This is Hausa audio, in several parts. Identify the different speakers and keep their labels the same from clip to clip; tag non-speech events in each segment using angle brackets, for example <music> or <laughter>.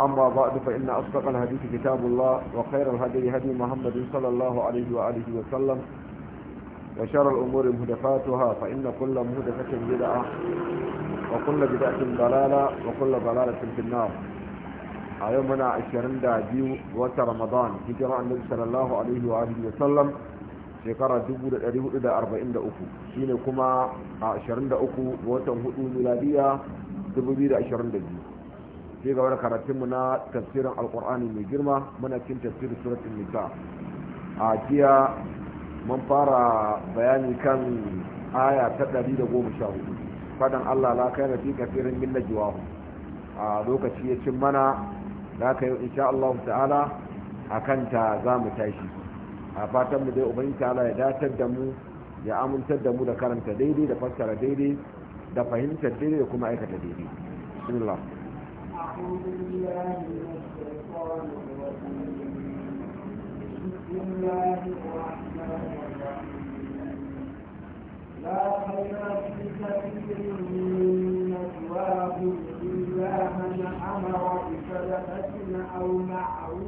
Speaker 1: أما بعد فإن أصدق الحديث كتاب الله وخير الهدي هدي محمد صلى الله عليه وآله وسلم وشر الأمور مهدفاتها فإن كل مهدفة بدعة وكل بدعة ضلالة وكل ضلالة في النار أيومنا عشرين دا ديو وتا رمضان هجرة النبي صلى الله عليه وآله وسلم شكرا دبو دا أريه إلى أربعين دا أكو شين كما عشرين دا أكو وتا هدو ميلادية دبو دا عشرين دا ديو sai ga wani mu na tafsirin alkur'ani mai girma muna cin tafsirin suratun nisa a jiya mun fara bayani kan aya ta ɗari hudu fadan allah la kai fi kafirin min jiwahu a lokaci ya cin mana za ka yi insha allahu ta'ala a kanta za mu tashi a fatan mu dai ubangiji ta'ala ya datar da mu ya amintar da mu da karanta daidai da fassara daidai da fahimtar daidai da kuma aikata daidai bismillah
Speaker 2: أعوذ بالله من الشيطان الرجيم بسم الله
Speaker 3: الرحمن الرحيم
Speaker 2: لا إلا من أمر أو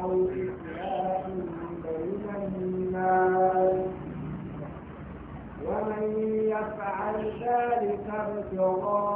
Speaker 2: أو ومن يفعل ذلك ابتغاء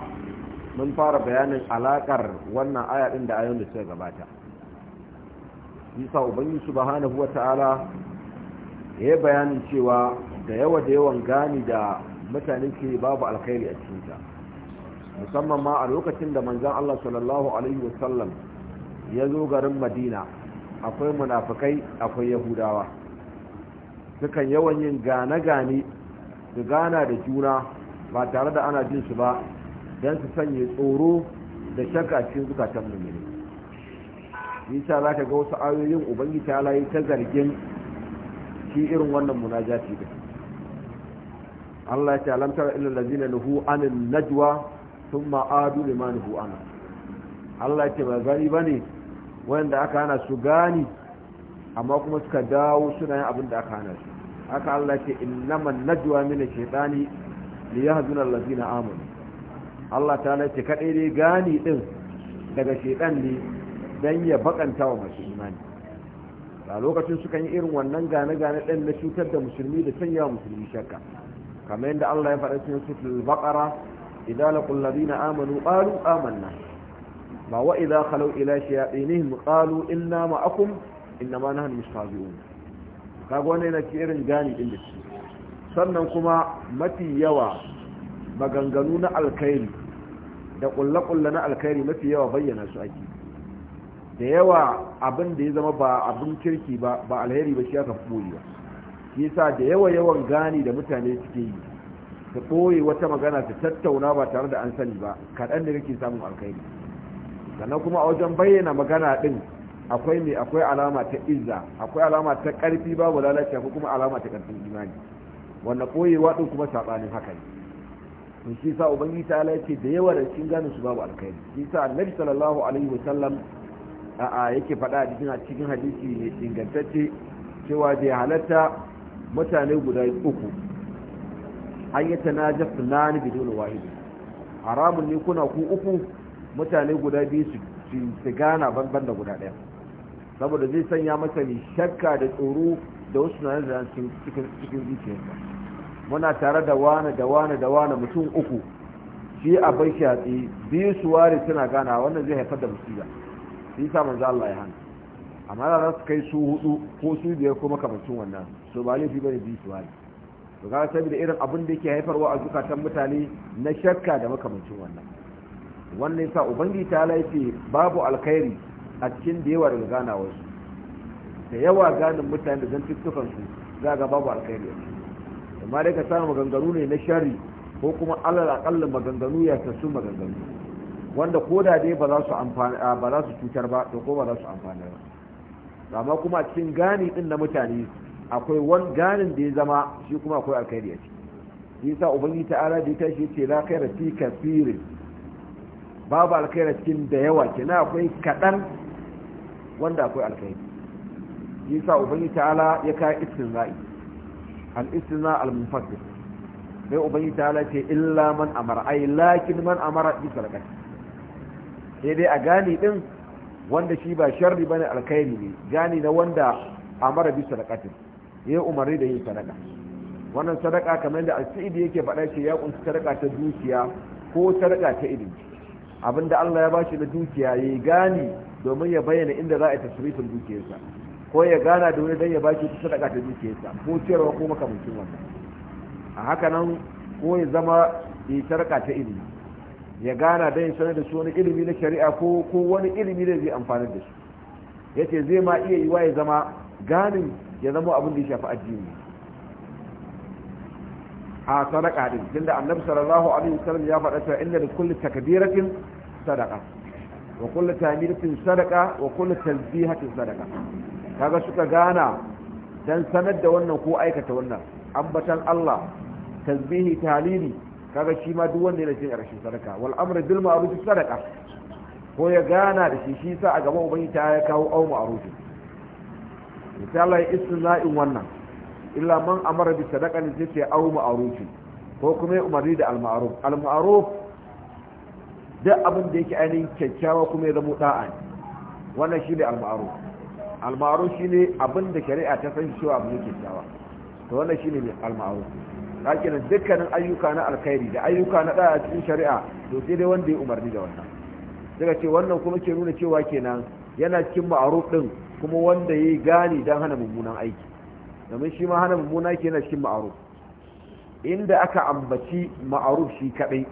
Speaker 1: mun fara bayanin alakar wannan aya din da ayoyin da suka gabata isa ubangi subhanahu wata'ala ya bayanin cewa da yawa da yawan gani da mutane ke babu alkhairi a cikin ta musamman ma a lokacin da manzon Allah sallallahu alaihi wasallam ya zo garin Madina akwai munafikai akwai yahudawa sukan yawan yin gane-gane su gana da juna ba tare da ana jin su ba don su sanya tsoro da shakka cikin zukatan mummuni nisa za ka ga wasu ayoyin ubangiji ta layi ta zargin shi irin wannan munajati da Allah ya ce alam tara illal ladina nuhu anin najwa thumma adu lima nuhu ana Allah ya ce ba gani bane wanda aka hana su gani amma kuma suka dawo suna yin abin da aka hana su haka Allah ya ce innaman najwa min ash-shaytani liyahzuna allazina amanu Allah ta nace kaɗai dai gani ɗin daga shaiɗan ne don ya bakanta wa masu a lokacin suka yi irin wannan gane-gane ɗin na cutar da musulmi da sanya musulmi shakka kamar yadda Allah ya faɗa cikin sutul baqara idza kullabi na amanu qalu amanna ba wa idza khalu ila shayatinihim qalu inna ma'akum innama nahnu mustahzi'un kaga wannan yana cikin irin gani ɗin da sannan kuma mafi yawa maganganu na alkhairi da ƙulle-ƙulle na alkhairi mafi yawa bayyana su ake da yawa abin da ya zama ba abin kirki ba ba alheri ba shi aka fi ba shi yasa da yawa yawan gani da mutane suke yi ta ɓoye wata magana ta tattauna ba tare da an sani ba kaɗan da kake samun alkhairi sannan kuma a wajen bayyana magana ɗin akwai mai akwai alama ta izza akwai alama ta ƙarfi babu lalacewa ko kuma alama ta ƙarfin imani wannan ɓoyewa ɗin kuma saɓanin haka ne to shi sa ubangiji ta ala yace da yawa da cikin gano su babu alkhairi shi sa annabi sallallahu alaihi wasallam a yake faɗa a cikin cikin hadisi ne ingantacce cewa da halatta mutane guda uku an yi tanajaf tunani bidon wahidi haramun ne kuna ku uku mutane guda biyu su gana banban da guda ɗaya saboda zai sanya masa ne shakka da tsoro da wasu na cikin cikin zuciyarsa muna tare da wani da wani da wani mutum uku shi a bai shaɗi biyu su ware suna gana wannan zai haifar da musiba shi sa manzo Allah ya hana amma da su kai su hudu ko su biyar kuma kamancin wannan so ba laifi bane biyu su ware to ga saboda irin abin da yake haifarwa a zukatan mutane na shakka da makamancin wannan wannan yasa ubangi ta laifi babu alkhairi a cikin da yawa daga ganawarsu da yawa ganin mutane da zan tuttukan za ga babu alkhairi a cikin amma dai ka samu maganganu ne na shari ko kuma alal akalla maganganu ya tasu maganganu wanda ko da dai ba za su amfana ba za su cutar ba to ko ba za su amfani ba amma kuma cikin gani din na mutane akwai wani ganin da ya zama shi kuma akwai alkhairi a ciki yasa ta ta'ala da ya tashi ce la khaira fi kafirin babu alkhairi cikin da yawa kina akwai kadan wanda akwai alkhairi yasa ta ta'ala ya kai istinza'i al-istisna al-munfasil sai ubangi ta lace illa man amara ai lakin man amara bi sadaqati sai dai a gani din wanda shi ba sharri bane alkhairi ne gani na wanda amara bi sadaqati ya umarni da yin sadaka wannan sadaka kamar da al-sidi yake faɗa shi ya kunshi sadaka ta dukiya ko sadaka ta ilimi abinda Allah ya bashi na dukiya yayi gani domin ya bayyana inda za a tasirifin dukiyarsa ko ya gana da wani dan ya baki ta sadaka ta dukiyarsa ko cewa ko makamancin wannan a haka nan ko ya zama ya sarka ta ilimi ya gana dan ya sanar da su wani ilimi na shari'a ko ko wani ilimi da zai amfana da su yace zai ma iya yiwa ya zama ganin ya zama abin da ya shafi addini a sadaka din tunda annabi sallallahu alaihi wasallam ya faɗa cewa inna likulli takbiratin sadaqa wa kullu tahmidatin sadaqa wa kullu talbihatin sadaqa kaga suka gana dan sanar da wannan ko aikata wannan ambatan Allah tasbihi talili kaga shi ma duk wanda yake cikin karshen sadaka wal amru bil ma'ruf sadaka ko ya gana da shi shi sa a gaban ubangi ta ya kawo au ma'ruf misali istina'in wannan illa man amara bi sadaqatin sai ce au ma'ruf ko kuma ya umarni da al ma'ruf al ma'ruf duk abin da yake ainihin kyakkyawa kuma ya zama da'a wannan shi ne al ma'ruf almaru shine abin da shari'a ta san cewa abu yake cewa to wannan shine ne almaru lakin dukkanin ayyuka na alkhairi da ayyuka na da cikin shari'a to sai dai wanda ya umarni da wannan daga ce wannan kuma ke nuna cewa kenan yana cikin ma'aruf din kuma wanda ya gane dan hana mummunan aiki domin shi ma hana mummuna ke yana cikin ma'aruf inda aka ambaci ma'aruf shi kaɗai,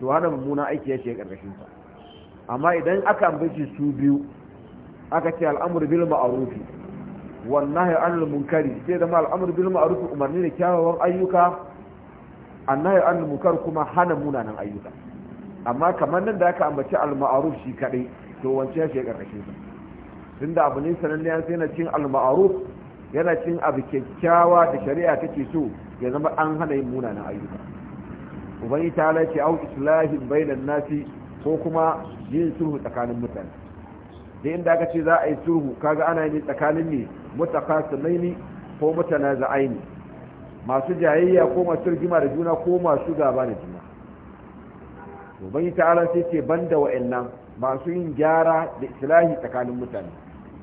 Speaker 1: to hana mummunan aiki ya ce karkashin sa amma idan aka ambaci su biyu aka ce al'amur bil ma'ruf rufi. Wannan anil munkari sai da ma al'amur bil ma'ruf umarni da kyawawan ayyuka annahy anil munkar kuma hana munanan ayyuka amma kamar nan da aka ambaci al ma'ruf shi kadai to wance ya shiga karkashin tunda abu ne sananne sai na cin al ma'ruf yana cin abu kyakkyawa da shari'a take so ya zama an hana yin munanan ayyuka ubangi ta ce au islahin bainan nasi ko kuma yin sulhu tsakanin mutane da inda aka ce za a yi sulhu kaga ana yi tsakanin ne mutakasimaini ko mutanaza'aini masu jayayya ko masu rigima da juna ko masu gaba da juna yi ta'ala sai ce banda wa'annan masu yin gyara da islahi tsakanin mutane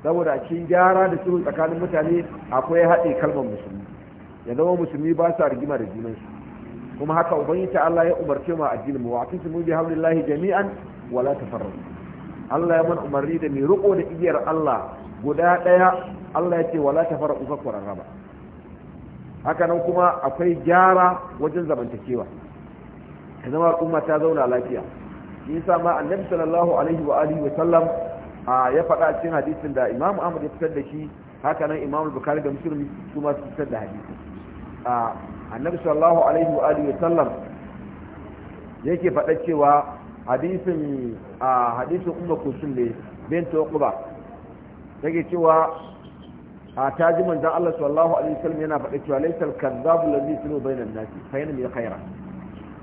Speaker 1: saboda a cikin gyara da sulhu tsakanin mutane akwai haɗe kalmar musulmi ya zama musulmi ba sa rigima da su kuma haka ta Allah ya umarce mu addinin mu wa tusimu bi hablillahi jami'an wala tafarraqu Allah ya mana umarni da mai riko da igiyar Allah guda ɗaya Allah ya ce wala ta fara uka raba haka nan kuma akwai gyara wajen zamantakewa ka zama al'umma ta zauna lafiya yasa ma annabi sallallahu alaihi wa alihi wa sallam ya faɗa cikin hadisin da imamu ahmad ya fitar da shi haka nan imamu bukari da muslim su ma su fitar da hadisin annabi sallallahu alaihi wa alihi wa sallam yake faɗa cewa hadisin a hadisin umma kusur ne bin tokuba ke cewa a taji manzan Allah sallallahu alaihi wasallam yana faɗa cewa laysal kadzabu ladhi sunu bainan nasi fayyana mai khaira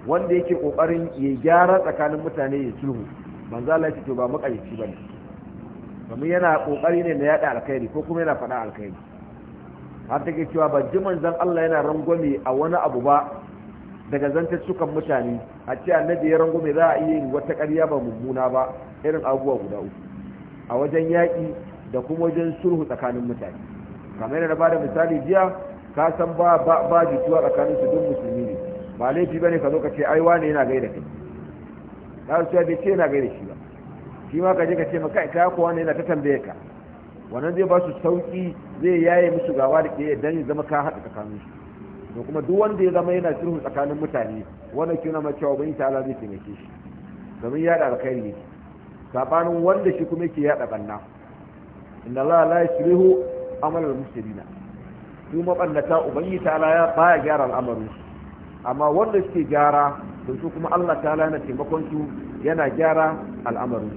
Speaker 1: wanda yake kokarin ya gyara tsakanin mutane ya sulhu manzan Allah ya ce ba makayyaci ne kamar yana kokari ne na yada alkhairi ko kuma yana faɗa alkhairi har take cewa ban ji manzan Allah yana rangwame a wani abu ba daga zantaccukan mutane a ce annabi ya rango mai za a iya wata karya ba mummuna ba irin abubuwa guda uku a wajen yaƙi da kuma wajen sulhu tsakanin mutane kamar yana ba da misali jiya ka san ba ba jituwa tsakanin su duk musulmi ne ba laifi bane ka zo ka ce ai wane yana gaida kai ka su bai ce yana gaida shi ba shi ma ka je ka ce maka ka kuwa ne yana ta tambaye ka wannan zai ba su sauki zai yaye musu gawa da ke dan zama ka haɗa tsakanin su to kuma duk wanda ya zama yana sulhu tsakanin mutane wannan kina ma cewa ta Allah zai taimake shi domin ya da alkhairi sabanin wanda shi kuma yake da banna inna Allah la yashrihu amal al-mufsidina su maballata ta Allah ya baya gyara al'amarin amma wanda suke gyara to su kuma Allah Allah yana taimakon su yana gyara al'amarin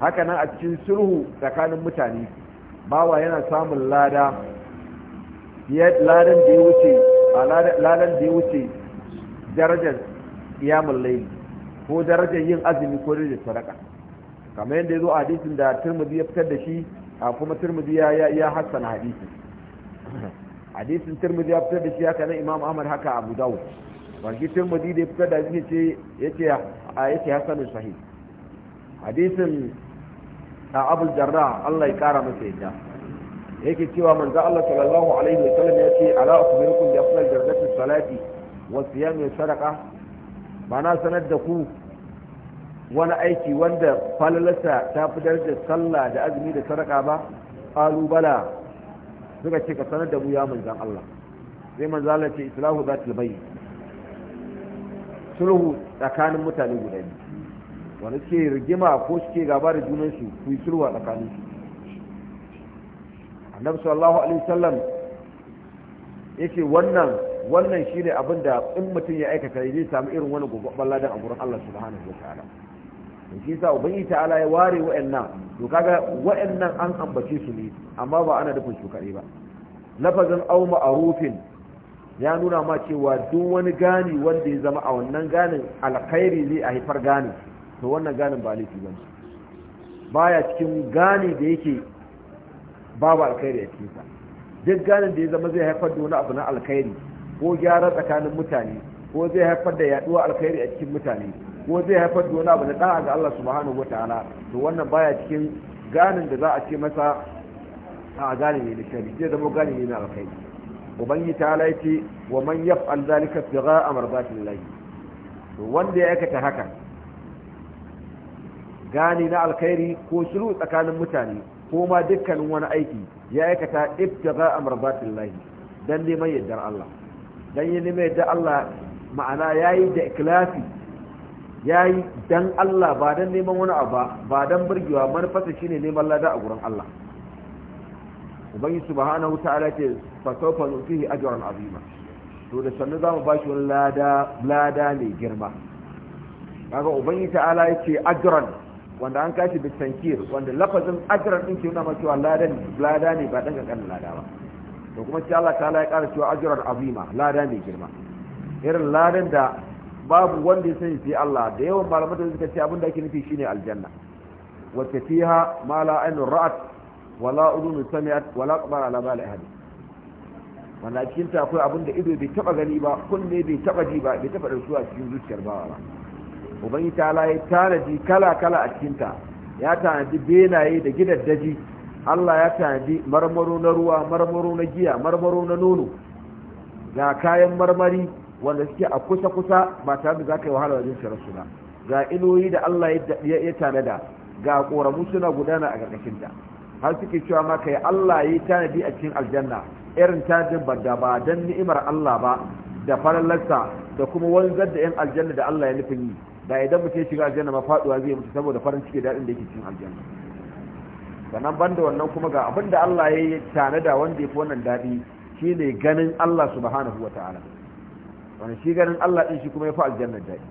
Speaker 1: haka nan a cikin sulhu tsakanin mutane bawa yana samun lada ladan da ya wuce lalan da ya wuce darajar iyamun laili ko darajar yin azumi ko darajar sadaka kamar yadda ya zo a hadisin da turmudi ya fitar da shi a kuma turmudi ya hassana hadisin <clears throat> hadisin turmudi ya fitar da shi haka na imam ahmad haka abu dawud wanki turmudi da ya fitar da ya ce yake hassanin sahih hadisin a abu jarra allah ya kara masa yadda yake cewa manzo Allah sallallahu alaihi wa sallam ya ce ala akhbirukum bi afdal darajati salati wa siyam wa sadaqa bana sanar da ku wani aiki wanda falalasa ta fi darajar sallah da azumi da sadaka ba qalu bala suka ce ka sanar da mu ya manzo Allah sai manzo Allah ce islahu zatul bayyin sulhu tsakanin mutane guda biyu wani ce rigima ko suke gaba da junansu ku yi sulhu a tsakaninsu annabi sallallahu alaihi wasallam yake wannan wannan shine abin da in mutum ya aikata zai samu irin wani gobabban ladan a gurin Allah subhanahu wataala to shi sa ubangi ta'ala ya ware wa'annan to kaga wa'annan an ambace su ne amma ba ana nufin su kare ba lafazin aw ma'rufin ya nuna ma cewa duk wani gani wanda ya zama a wannan ganin alkhairi zai a haifar gani to wannan ganin ba laifi ba baya cikin gani da yake babu alkhairi a cikinsa duk ganin da ya zama zai haifar da wani abu na alkhairi ko gyara tsakanin mutane ko zai haifar da yaduwa alkhairi a cikin mutane ko zai haifar da wani abu na da'a ga Allah subhanahu wataala to wannan baya cikin ganin da za a ce masa a gane ne da shari zai zama gane ne na alkhairi ubangi ta laifi wa man yaf'al zalika ibtigha'a mardatil lahi to wanda ya aikata haka gane na alkhairi ko shiru tsakanin mutane ko ma dukkanin wani aiki ya aikata ibtiga amradatin lahi dan neman yardar Allah dan yi neman yardar Allah ma'ana yayi da ikhlasi yayi dan Allah ba dan neman wani abu ba dan burgewa manufarsa shine neman lada a gurin Allah ubangi subhanahu ta'ala ce fa sawfa nutihi ajran azima to da sannu ba bashi wani lada lada mai girma kaga ubangi ta'ala ce ajran wanda an kashi bi wanda lafazin ajran din ke nuna ma cewa lada ne lada ne ba dan kan lada ba to kuma sai Allah ta ya ƙara cewa ajran azima lada ne girma irin ladan da babu wanda ya sani sai Allah da yawan malamai da suka ce abin da ake nufi shine aljanna wacce fiha ma la ainu ra'at wala udunu sami'at wala qabara ala bal ahad wanda cikin ta akwai abin da ido bai taba gani ba kunne bai taba ji ba bai taba dauki a cikin zuciyar bawa ba ubangi ta ya tanadi kala-kala a cikinta ya tanadi benaye da daji. allah ya tanadi marmaro na ruwa marmaro na giya marmaro na nono ga kayan marmari wanda suke a kusa-kusa ba tare da za ka yi wahala wajen shirar suna ga iloyi da allah ya tanada ga ƙoramu suna gudana a ƙarƙashinta har suke cewa ma kai allah ya tanadi a cikin aljanna irin tanadin banda ba don ni'imar allah ba da farallarsa da kuma wanzar da 'yan aljanna da allah ya nufin yi da idan mutum ya shiga aljanna ma faduwa zai mutu saboda farin ciki daɗin da yake cikin aljanna sannan banda wannan kuma ga abin da Allah ya yi da wanda ya fi wannan daɗi shi ne ganin Allah subhanahu wa ta'ala wani shi ganin Allah ɗin shi kuma ya fi aljanna daɗi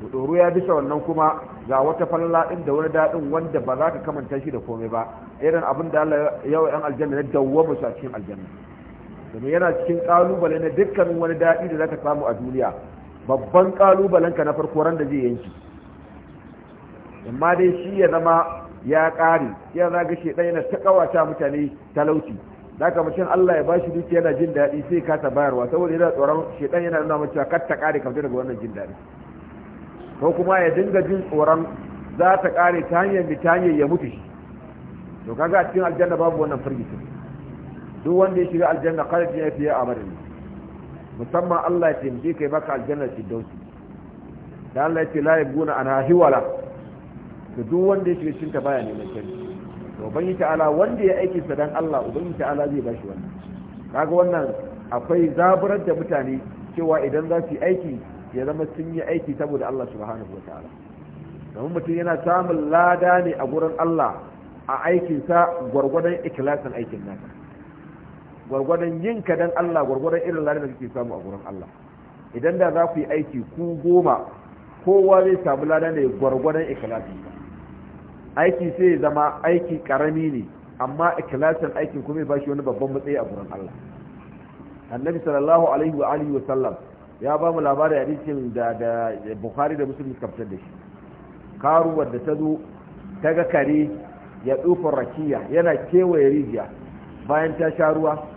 Speaker 1: to ɗoro ya bisa wannan kuma ga wata falala ɗin da wani daɗin wanda ba za ka kamanta shi da komai ba irin abin da Allah ya yi 'yan aljanna na dawwama su a cikin aljanna domin yana cikin ƙalubale na dukkanin wani daɗi da za ka samu a duniya babban kalubalenka na farko ran da zai yanki amma dai shi ya zama ya ƙare ya zaga shi ɗaya na ta kawata mutane talauci da haka mutum Allah ya ba shi dukiya yana jin daɗi sai kasa bayarwa saboda yana tsoron shedan yana nuna mace kar ta ƙare kamta daga wannan jin daɗi ko kuma ya dinga jin tsoron za ta ƙare ta hanyar da ta hanyar ya mutu shi to kaga a cikin aljanna babu wannan firgitin duk wanda ya shiga aljanna khalid ya fiye a madani musamman Allah ya taimake kai baka ci dauki da Allah ya ce la yabuna an hiwala to duk wanda ya shiga cikin ta baya neman canji to yi ta'ala wanda ya aiki sa dan Allah ubangi ta'ala zai bashi wannan kaga wannan akwai zaburar da mutane cewa idan za su yi aiki ya zama sun yi aiki saboda Allah subhanahu wataala domin mutum yana samun lada ne a gurin Allah a aikinsa gwargwadon ikilasin aikin naka gwargwadon yin ka dan Allah gwargwadon irin ladan da kake samu a gurin Allah idan da za ku yi aiki ku goma kowa zai samu ladan da gwargwadon ikilasin ikhlasi aiki sai ya zama aiki karami ne amma ikilasin aikin kuma ya bashi wani babban matsayi a gurin Allah annabi sallallahu alaihi wa alihi wa sallam ya ba mu labarin hadisin da da Bukhari da Muslim suka fitar da shi karuwar da ta zo ta ga kare ya tsufa rakiya yana kewaye rijiya bayan ta sha ruwa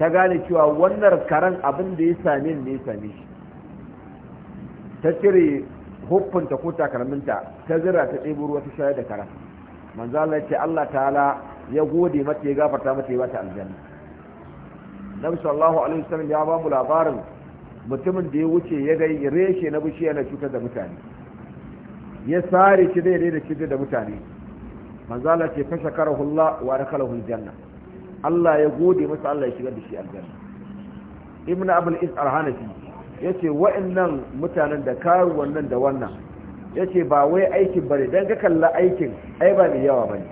Speaker 1: ta gane cewa wannan karen abin da ya same ne same shi ta cire hukunta ko takalminta ta zira ta ɗebo ruwa ta shayar da karen manzala ce Allah ta'ala ya gode mata ya gafarta mata ya bata aljanna Nabi sallallahu alaihi wasallam ya ba mu labarin mutumin da ya wuce ya ga reshe na bishiya na cutar da mutane ya sare shi ya da cutar da mutane manzala ce fa shakarahu Allah wa adkhalahu aljanna Allah ya gode masa Allah ya shigar da shi aljanna ibn abul is arhanafi yace wa'annan mutanen da karu nan da wannan yace ba wai aikin bare dan ka kalla aikin ai ba mai yawa bane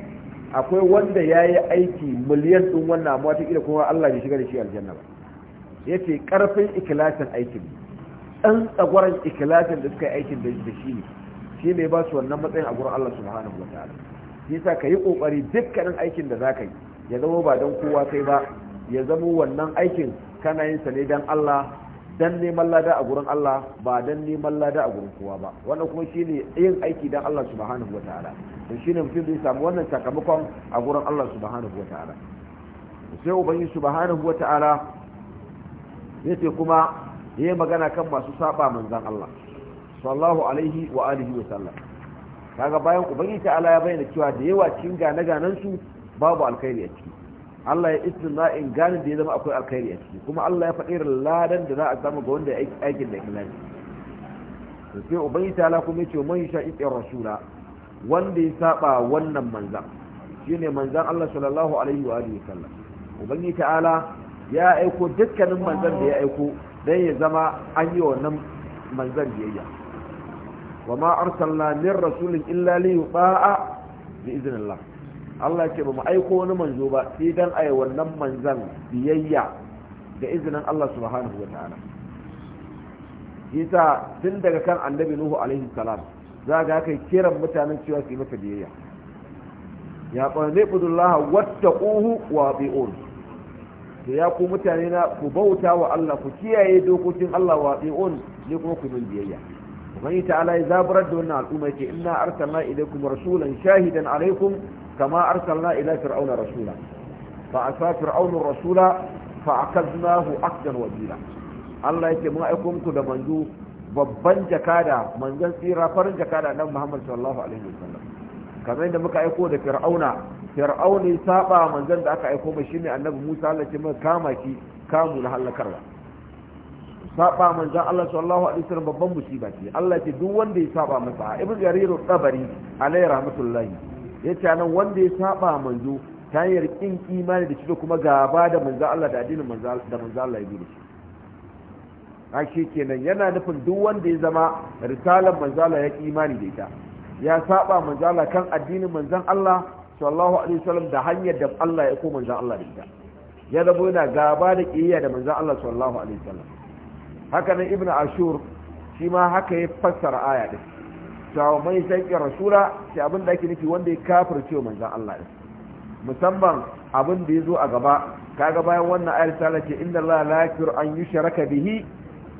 Speaker 1: akwai wanda yayi aiki miliyan din wannan amma ta kila kuma Allah ya shigar da shi aljanna ba yace karfin ikilasin aikin dan tsagwaran ikilasin da suka yi aikin da shi ne shi ne ba su wannan matsayin a gurin Allah subhanahu wataala yasa ka yi kokari dukkanin aikin da zaka yi ya zama ba don kowa sai ba ya zama wannan aikin kana yin sa ne don Allah dan neman lada a gurin Allah ba dan neman lada a gurin kowa ba wannan kuma shine yin aiki dan Allah subhanahu wataala to shine mutum zai samu wannan sakamakon a gurin Allah subhanahu wataala sai ubangi subhanahu wataala yace kuma yayi magana kan masu saba manzon Allah sallallahu alaihi wa alihi wa sallam kaga bayan ubangi ta'ala ya bayyana cewa da yawa cikin gane ganan su babu alkhairi a ciki Allah ya in gani da ya zama akwai alkhairi a ciki kuma Allah ya faɗi ladan da za a samu ga wanda ya aikin da ikhlasi to sai ubangi ala kuma yace man sha iqir rasula wanda ya saba wannan manzan shine manzan Allah sallallahu alaihi wa alihi sallam ubangi ala ya aiko dukkanin manzan da ya aiko dan ya zama an yi wannan manzan biyayya wa ma arsalna min rasulin illa li yuta'a bi idnillah Allah ce ba mu aiko wani manzo ba sai dan ai wannan manzan biyayya da izinin Allah subhanahu ta'ala. isa tun daga kan annabi nuhu alaihi salam za ga kai kiran mutanen cewa su yi masa biyayya ya qanne budullaha wattaquhu wa bi'un to ya ku mutane na ku bauta wa Allah ku kiyaye dokokin Allah wa bi'un ne kuma ku yi biyayya ubangiji ta'ala ya zaburar da wannan al'umma yake inna arsalna ilaykum rasulan shahidan alaikum kama arsalna ila fir'auna rasula fa asa fir'aunu rasula fa akaznahu akdan wajila Allah yake mun aiko muku da manzo babban jakada manzon tsira farin jakada nan Muhammad sallallahu alaihi wasallam kamar yadda muka aiko da fir'auna fir'auni saba manzon da aka aiko mai shine annabi Musa Allah ce mun kama ki kamu na halakarwa saba manzon Allah sallallahu alaihi wasallam babban musiba ce Allah ce duk wanda ya saba masa ibn jarir tabari alaihi rahmatullahi ya ce nan wanda ya saba manzo ta hanyar kin imani da shi da kuma gaba da manzo Allah da addinin da manzo Allah ya bi da shi a shi kenan yana nufin duk wanda ya zama risalar manzo Allah ya imani da ita ya saba manzo Allah kan addinin manzo Allah sallallahu alaihi wasallam da hanyar da Allah ya ko manzo Allah da ita ya zama yana gaba da kiyaya da manzo Allah sallallahu alaihi wasallam haka nan ibnu ashur shi ma haka ya fassara aya din ta mai rasula sai abin da ake nufi wanda ya kafir cewa manzan Allah ne musamman abin da ya zo a gaba kaga bayan wannan ayar ta lace inna Allah la yakfir an yushraka bihi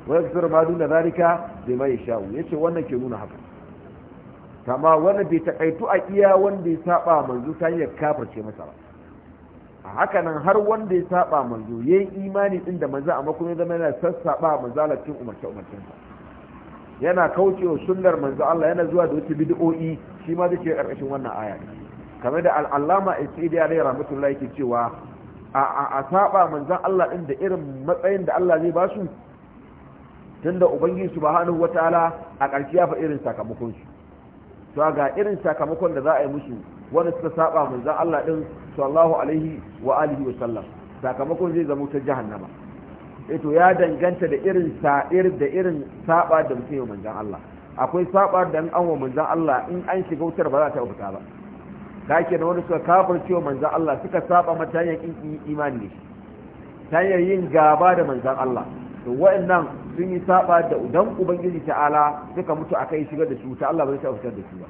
Speaker 1: wa yakfir ma dun zalika ma yasha yace wannan ke nuna haka kama wannan bai takaitu a iya wanda ya saba manzo ta hanyar ce masa ba a haka nan har wanda ya saba manzo yayin imani din da manzo amma kuma ya zama yana sassaba manzalacin umarce umarcin sa yana kaucewa sunnar manzo Allah yana zuwa da wata bid'o'i shi ma zai karkashin wannan aya kamar da al'allama isidi alayhi rahmatullahi yake cewa a a a saba manzo Allah din da irin matsayin da Allah zai ba su tunda ubangiji subhanahu wataala a ƙarshe ya fa irin sakamakon su to ga irin sakamakon da za a yi musu wanda suka saba manzo Allah din sallallahu alaihi wa alihi wa sallam sakamakon zai zama ta jahannama Eh to ya danganta da irin sa'ir da irin saba da mutum yi manzan Allah akwai saba da an wa manzan Allah in an shiga wutar ba za ta fita ba ta ke da wani suka kafar cewa manzan Allah suka saba mata hanyar kin imani ne ta hanyar yin gaba da manzan Allah to wa'annan sun yi saba da udan ubangiji ta'ala suka mutu akai shigar da su ta Allah ba ta fitar da su ba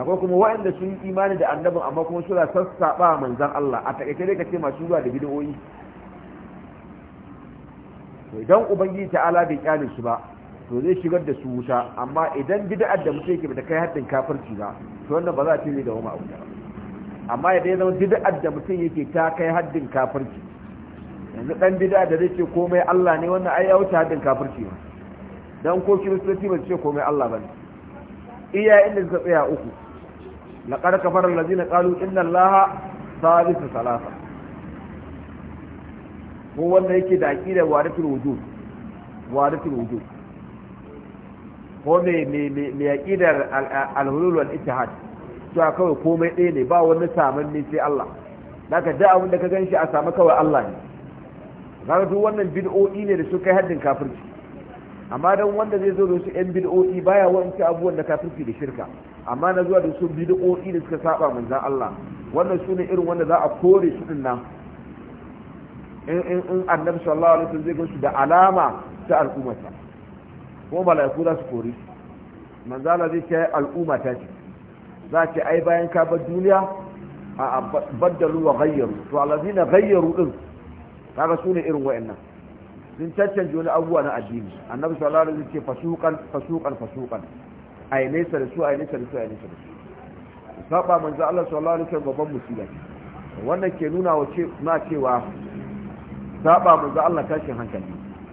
Speaker 1: akwai kuma wa'anda sun yi imani da annabin amma kuma suna sassaba manzan Allah a takaice dai ka ce masu zuwa da bidiyoyi idan ubangiji ta'ala bai kyale su ba to zai shigar da su wuta amma idan bid'ar da mutum yake bata kai haddin kafirci ba to wannan ba za ta yi da wani abu amma idan ya zama bid'ar da mutum yake ta kai haddin kafirci yanzu dan bid'a da zai ce komai Allah ne wannan ai ya wuce haddin kafirci ba dan ko kiristoci ba ce komai Allah bane iya inda suka tsaya uku laqad kafara allazina qalu inna allaha thalithu thalatha ko wanda yake da aqidar wadatul wujud wadatul wujud ko me me me aqidar al-hulul wal ittihad to kawai komai ɗaya ne ba wani saman ne sai Allah daga da abin da ka ganshi a samu kawai Allah ne zaka duk wannan bid'o'i ne da su kai haddin kafirci amma dan wanda zai zo da su yan bid'o'i baya wani abubuwan da kafirci da shirka amma na zuwa da su bid'o'i da suka saba manzon Allah wannan sune irin wanda za a kore su din nan in annabi sallallahu alaihi wasallam zai gansu da alama ta al'ummata Ko mala'iku za su kori manzala zai ce al'umma ta ce za ce ai bayan ka bar duniya a baddalu wa gayyaru to na gayyaru din kaga su ne irin wa'annan sun caccanje wani abubuwa na addini annabi sallallahu alaihi wasallam ce fasukan fasukan fasukan ai nesa da su ai nesa da su ai nesa da su saba manzo Allah sallallahu alaihi wasallam babban musiba wannan ke nuna wa ce na cewa saba manzo Allah tashin hankali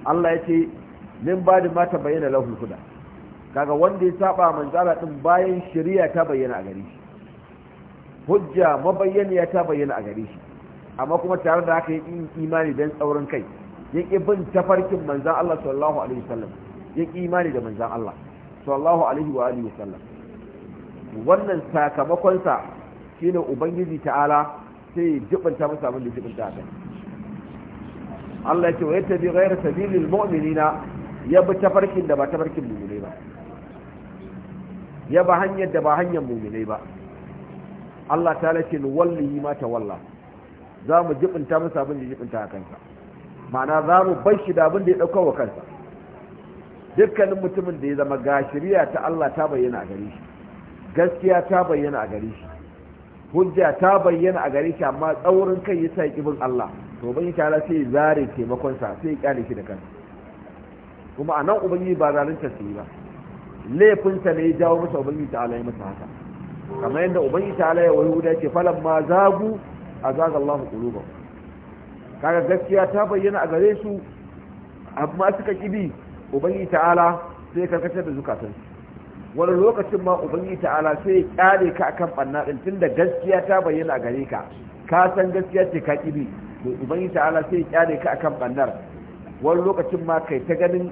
Speaker 1: Allah ya ce min ba da mata bayyana lahu huda kaga wanda ya saba manzo Allah din bayan shari'a ta bayyana a gare shi hujja ya ta bayyana a gare shi amma kuma tare da haka yin imani dan tsaurin kai yake bin tafarkin manzan Allah sallallahu alaihi wasallam yake imani da manzan Allah sallallahu alaihi wa alihi wasallam wannan sakamakonsa shine ubangiji ta'ala sai jibinta masa abin da jibinta a kai Allah yake wa yattabi ghayra sabilil mu'minina ya bi tafarkin da ba tafarkin mu'minai ba ya ba hanyar da ba hanyar mu'minai ba Allah ta lace ni wallahi ma ta walla za mu jibinta masa abin da jibinta a kansa ma'ana za mu bar shi da abin da ya dauka wa kansa dukkanin mutumin da ya zama gashiriya ta Allah ta bayyana a gare shi gaskiya ta bayyana a gare shi hujja ta bayyana a gare shi amma tsaurin kai yasa ya kibin Allah to ban ta ala sai zare taimakon sa sai ya kyale shi da kansa kuma a nan ubangi ba zalunta su yi ba laifin sa ne ya jawo masa ubangi ta ala ya masa haka kamar yadda ubangi ta ala ya wayi wuda ce falan ma zagu a zaga Allah kuluba kaga gaskiya ta bayyana a gare su amma suka kibi ta ala sai ya karkatar da su wani lokacin ma ubangi ala sai ya kyale ka akan banna din tunda gaskiya ta bayyana a gare ka ka san gaskiya ce ka kibi to ubangiji ta'ala sai ya kyale ka akan bannar wani lokacin ma kai ta ganin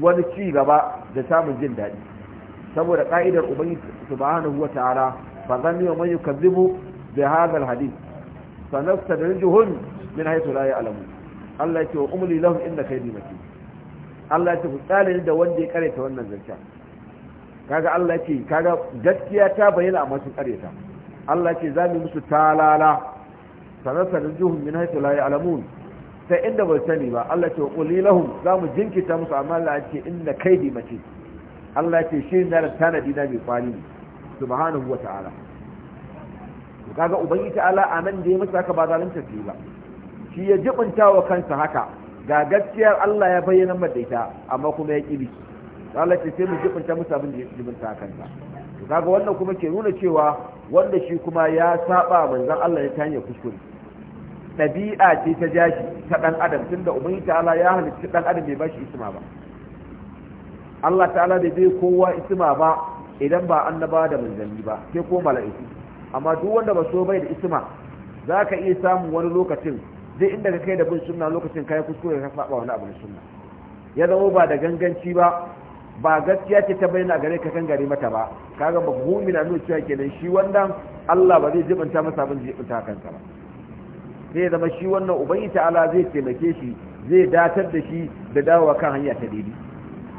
Speaker 1: wani ci gaba da samun jin daɗi saboda ka'idar ubangiji subhanahu wa ta'ala fa zanni wa man yukazzibu bi hadha alhadith nastadrijuhum min haythu la ya'lamun Allah yake wa umli lahum inna kaydi matin Allah yake ku tsale da wanda ya kareta wannan zancen kaga Allah yake kaga gaskiya ta bayyana a masu kareta Allah yake zamu musu talala juhun min haythu la ya'lamun sai inda bai sani ba Allah ce quli lahum mu jinkita musu amma Allah ya ce inna kaidi mace Allah ce shi na tanadi na bi kwani subhanahu wa ta'ala kaga ubangiji ta'ala anan da ya masa haka ba zalunta ce ba shi ya jibinta wa kansa haka ga gaskiyar Allah ya bayyana madaita amma kuma ya kibi Allah ce sai mu jibinta musu abin da ya jibinta kansa to kaga wannan kuma ke nuna cewa wanda shi kuma ya saba manzon Allah ya ta hanyar kuskure ɗabi'a ce ta jashi ta dan adam tunda ubangi ta'ala ya halitta dan adam bai bashi isma ba Allah ta'ala bai bai kowa isma ba idan ba annaba da manzanni ba sai ko mala'iku amma duk wanda ba so bai da isma zaka iya samun wani lokacin zai inda ka kai da bin sunna lokacin kayan kuskure ka saba wani abu da sunna ya zama ba da ganganci ba ba gaskiya ce ta bayyana gare ka kan gare mata ba kaga ba mu'mina nuna cewa kenan shi wannan Allah ba zai jibanta masa abin jibanta kansa ba sai zama shi wannan ubangiji ta'ala zai taimake shi zai datar da shi da dawowa kan hanya ta daidai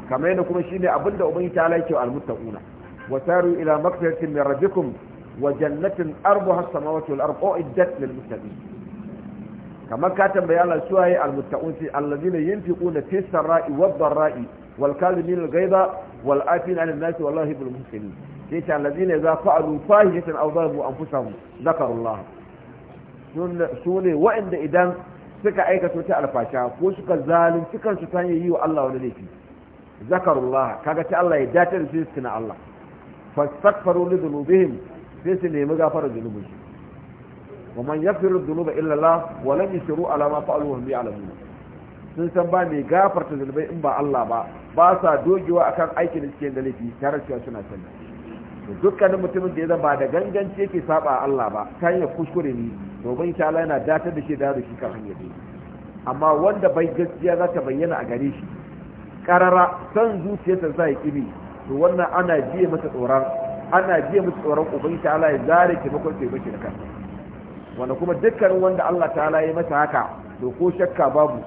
Speaker 1: kamar yadda kuma shine abin da ubangiji ta'ala yake al-muttaquna wa saru ila maghfiratin min rabbikum wa jannatin arbuha as-samawati wal ardu uiddat lil muttaqin kamar ka tambaya Allah suwaye al-muttaqun allazina yunfiquna fi sarra'i wad-dharra'i wal kazimin al ghaiba wal afin an nas wallahi bil muhsinin sai ta allazina idza fa'alu fahishatan aw dhabu anfusahum zakarullah sune wa'anda idan suka aikata ta alfasha ko suka zalunci kansu ta yi wa Allah wani laifi zakarullah kaga ta Allah ya dace da su tuna Allah fastaghfiru li dhunubihim sai su nemi gafarar zunubinsu ومن يغفر الذنوب الا الله ولم يسروا على ما فعلوا وهم يعلمون sun san ba mai gafarta zunubai in ba Allah ba ba sa dogewa akan aikin da suke da laifi tare cewa suna sani dukkanin mutumin da ya zama da ganganci yake saba a Allah ba ta hanyar kuskure ne to ban insha Allah yana datar da shi da shi kan hanyar amma wanda bai gaskiya za ta bayyana a gare shi karara san zuciya za zai kibi to wannan ana jiye masa tsoron ana jiye masa tsoron ubangi Allah ya zare ki bakon sai bace da kansa wanda kuma dukkanin wanda Allah ta Allah ya masa haka to ko shakka babu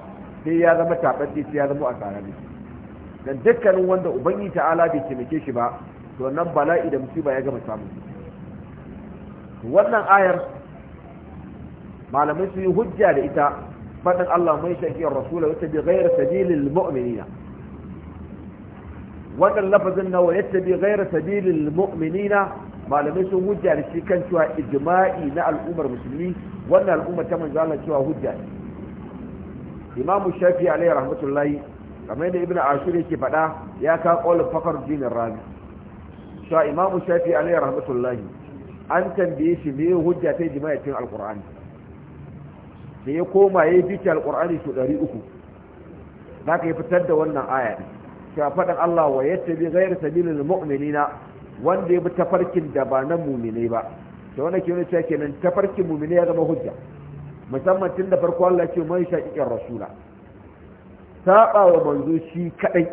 Speaker 1: sai ya zama tabbaci sai ya zama a shi. dan dukkanin wanda ubangi ta'ala bai taimake shi ba to nan bala'i da musiba ya gama samu wannan ayar malamai su yi hujja da ita fadin Allah mai shakiyar rasula wata bi ghayra sabilil mu'minina wannan lafazin na wayata bi ghayra sabilil mu'minina malamai sun hujja da shi kan cewa ijma'i na al'ummar musulmi wannan al'ummar ta manzo Allah cewa hujja Imam Shafi alaihi rahmatullahi kamar yadda ibn ashur yake faɗa ya ka qaul fakar dinin rabi sha imam shafi alayhi rahmatullahi an tambaye shi me hujja ta jima'i cikin alqur'ani sai ya koma yayi bici alqur'ani su 300 da yi fitar da wannan aya sha faɗin Allah wa yattabi ghayra sabilil mu'minina wanda ya bi tafarkin da ba na mu'mine ba to wannan ke nuna kenan tafarkin mu'mine ya zama hujja musamman tun da farko Allah ya ce man shaqiqir rasula saba wa manzo shi kadai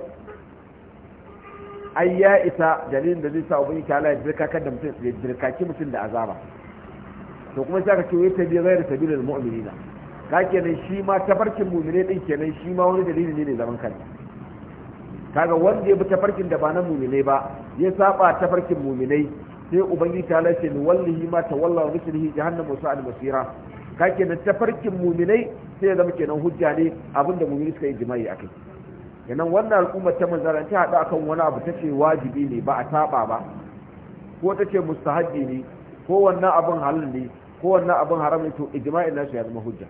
Speaker 1: ai ya isa dalilin da zai sa ubangi ta Allah ya dirka kan da mutum ya dirka ki mutum da azaba to kuma sai ka ce wai tabi ghairu sabilil mu'minina ka kenan shi ma tafarkin mu'mine din kenan shi ma wani dalili ne ne zaman kanta kaga wanda ya bi tafarkin da ba na mu'mine ba ya saba tafarkin mu'minai sai ubangi ta Allah ce wallahi ma tawalla wa mislihi jahannam wa sa'al masira ka kenan tafarkin mu'minai sai zama kenan hujja ne abinda mu'mini suka yi jima'i akai yanan wannan al'umma ta manzara ta haɗu akan wani abu ta ce wajibi ne ba a taɓa ba ko ta ce mustahaji ne ko wannan abin halal ne ko wannan abin haram ne to ijma'in shi ya zama hujja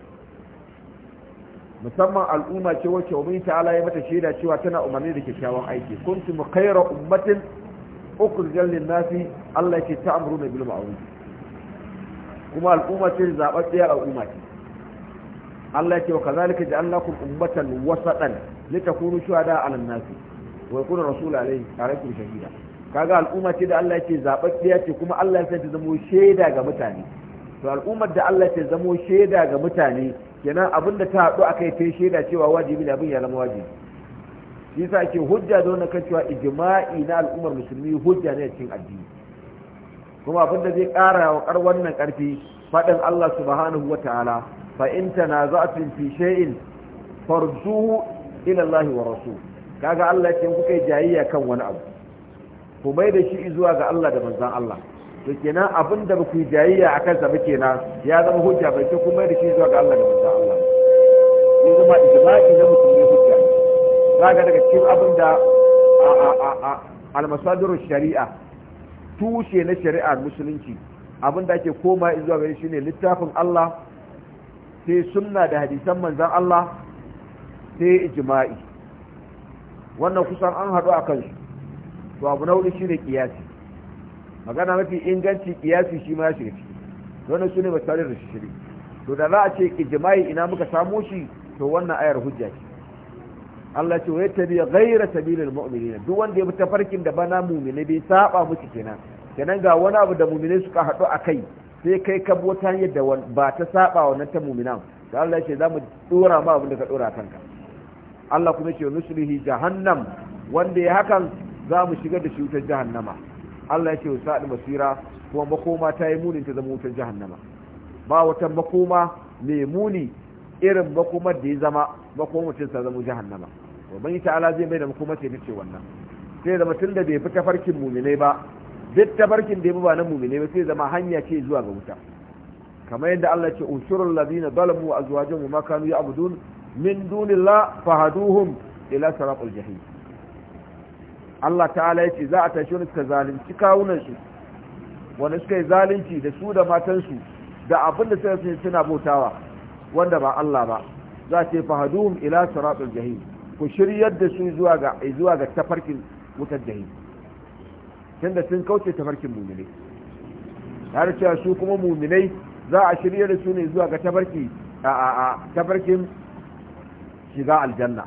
Speaker 1: musamman al'umma ce wacce umin ta'ala ya mata shaida cewa tana umarni da kyakkyawan aiki mu khayra ummatin ukhrijal lin-nasi Allah yake ta'muruna bil ma'ruf kuma al'umma ce zaɓaɓɓiyar al'umma ce Allah yake wa kazalika ja'alnakum ummatan wasatan litakunu shuhada 'ala an-nasi wa yakuna rasul alaykum shahida kaga al'umma ce da Allah yake zababbiya ce kuma Allah ya sanya zamo shaida ga mutane to al'ummar da Allah yake zamo shaida ga mutane kenan abinda ta hadu akai ta shaida cewa wajibi ne abin ya zama wajibi shi yasa ake hujja da wannan kan cewa ijma'i na al'ummar musulmi hujja ne cikin addini kuma abinda zai kara wa kar wannan karfi fadin Allah subhanahu wataala fa in tanaza'tum fi shay'in farduhu ila Allah wa rasul kaga Allah ya ce kuka yi jayayya kan wani abu ku mai da shi zuwa ga Allah da manzan Allah to kenan abin da ba ku jayayya a kansa ba kenan ya zama hujja bai ce kuma da shi zuwa ga Allah da manzan Allah ya zama ijma'i na ne hujja kaga daga cikin abin da almasadirul shari'a tushe na shari'ar musulunci abin da ake koma zuwa gare shi ne littafin Allah sai sunna da hadisan manzan Allah sai ijma'i wannan kusan an haɗu a kansu to abu shi ne kiyasi magana mafi inganci kiyasi shi ma ya shiga ciki wannan su ne misali da shi to da za a ce ijma'i ina muka samo shi to wannan ayar hujja ce Allah ce wai tabi ghaira sabilil mu'minin duk wanda ya bi tafarkin da bana mu'mini bai saba musu kenan kenan ga wani abu da mu'mini suka haɗu a kai sai kai ka bota yadda ba ta saba nan ta mumina da Allah za zamu dora ma abin da ka dora kanka Allah kuma ce nusrihi jahannam wanda ya hakan zamu shigar da shi wutar jahannama Allah ya ce wa sa'ad basira kuma makoma ta yi muni ta zama wutar jahannama ba wata makoma mai muni irin makomar da ya zama makomacin sa zama jahannama wa bai ta'ala zai mai da makomar ta ce wannan sai da mutum da bai fita farkin muminai ba duk tabarkin da ya ba na mumine ba sai zama hanya ce zuwa ga wuta kamar yadda Allah ce ushurul ladina zalamu azwajahum ma kanu ya'budun min dunillah fahaduhum ila siraqil jahim Allah ta'ala yace za a tashi wani suka zalunci kawunan su wani suka zalunci da su da matan su da abin da suka suna bautawa wanda ba Allah ba za ce fahaduhum ila siraqil jahim ku shiryar da su zuwa ga zuwa ga tafarkin wutar jahim tunda sun kauce tafarkin muminai har cewa su kuma muminai za a shirya da su ne zuwa ga tafarki a tabarkin shiga aljanna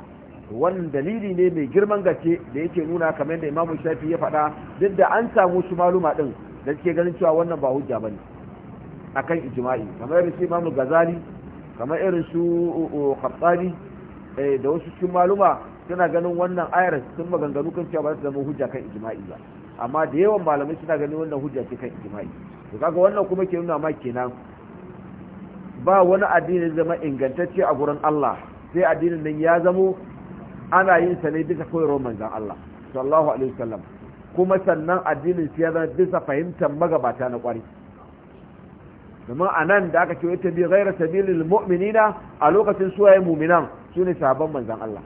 Speaker 1: wannan dalili ne mai girman gaske da yake nuna kamar da imamu shafi ya faɗa duk da an samu su maluma din da suke ganin cewa wannan ba hujja ba ne ijma'i kamar irin su imamu gazali kamar irin su khatsari eh, da wasu cikin maluma suna ganin wannan ayar sun maganganu kan cewa ba su zama hujja kan ijma'i ba amma da yawan malamai suna gani wannan hujja ce kan ijma'i to kaga wannan kuma ke nuna ma kenan ba wani addini zama ingantacce a gurin Allah sai addinin nan ya zamo ana yin sa ne bisa koyarwar manzon Allah sallallahu alaihi wasallam kuma sannan addinin sai ya zama bisa fahimtar magabata na kwari domin a nan da aka ce wata bi gaira sabilil mu'minina a lokacin suwaye muminan su ne sabon manzan Allah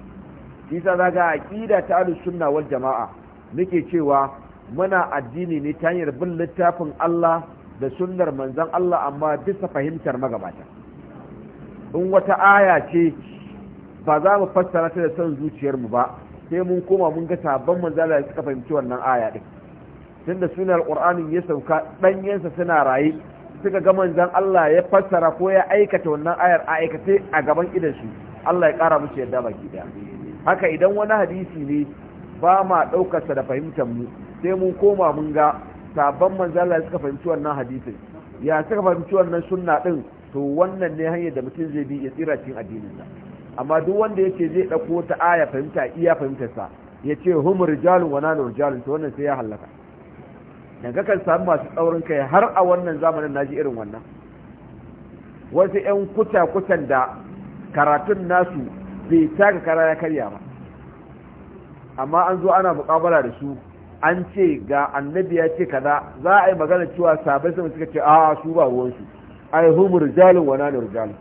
Speaker 1: shi sa zaga aqida ta al sunna wal jama'a muke cewa muna addini ne ta hanyar bin littafin Allah da sunnar Manzan Allah amma bisa fahimtar magabata in wata aya ce ba za mu fassara ta da son zuciyarmu ba sai mun koma mun ga sabon manzan da suka fahimci wannan aya din tunda sunar alqur'anin ya sauka ɗanyensa suna raye suka ga Manzan Allah ya fassara ko ya aikata wannan ayar a aikace a gaban idan Allah ya ƙara musu yadda baki daya haka idan wani hadisi ne ba ma ɗaukarsa da fahimtar mu sai mun koma mun ga sabon manzala suka fahimci wannan hadisin ya suka fahimci wannan sunna din to wannan ne hanyar da mutum zai bi ya tsira cikin addinin sa amma duk wanda yace zai dauko ta aya fahimta iya fahimtar sa yace hum rijalun wa nanu rijalun to wannan sai ya halaka dan kakan samu masu tsaurin kai har a wannan zamanin naji irin wannan wasu yan kuta kutan da karatun nasu bai taka kara ya karya ba amma an zo ana muƙabala da su an ce ga annabi ya ce kaza za a yi magana cewa sabai sama suka ce a su ba ruwansu ai humu rijalun wa nanu rijalun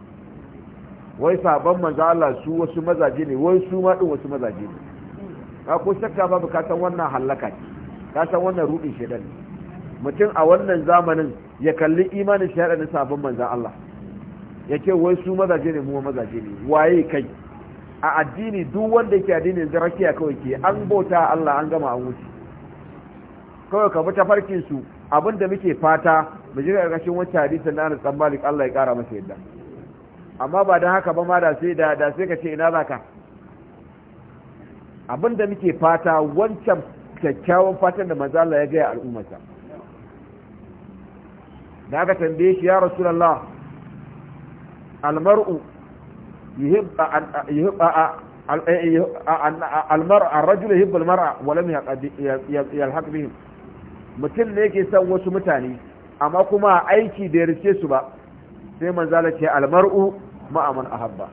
Speaker 1: wai sabon manzo Allah su wasu mazaje ne wai su ma din wasu mazaje ne ka ko shakka babu ka san wannan halaka ce ka san wannan rudin shedan mutum a wannan zamanin ya kalli imanin shedan sabon manzo Allah ya ce wai su mazaje ne mu mazaje ne waye kai a addini duk wanda yake addini zarafiya kawai ke an bauta Allah an gama an wuce kawai ka bi farkin su abinda muke fata mu jira karkashin wata hadisi na Anas Malik Allah ya kara masa yadda amma ba dan haka ba ma da sai da da sai ka ce ina zaka abinda muke fata wancan kyakkyawan fatan da manzo Allah ya ga al'ummarsa da aka tambaye shi ya rasulullah almar'u yuhibba almar'a ar-rajulu yuhibbu almar'a wa lam yalhaq bihim mutum ne yake son wasu mutane amma kuma aiki da yarce su ba sai manzala ce almar'u ma'a a habba.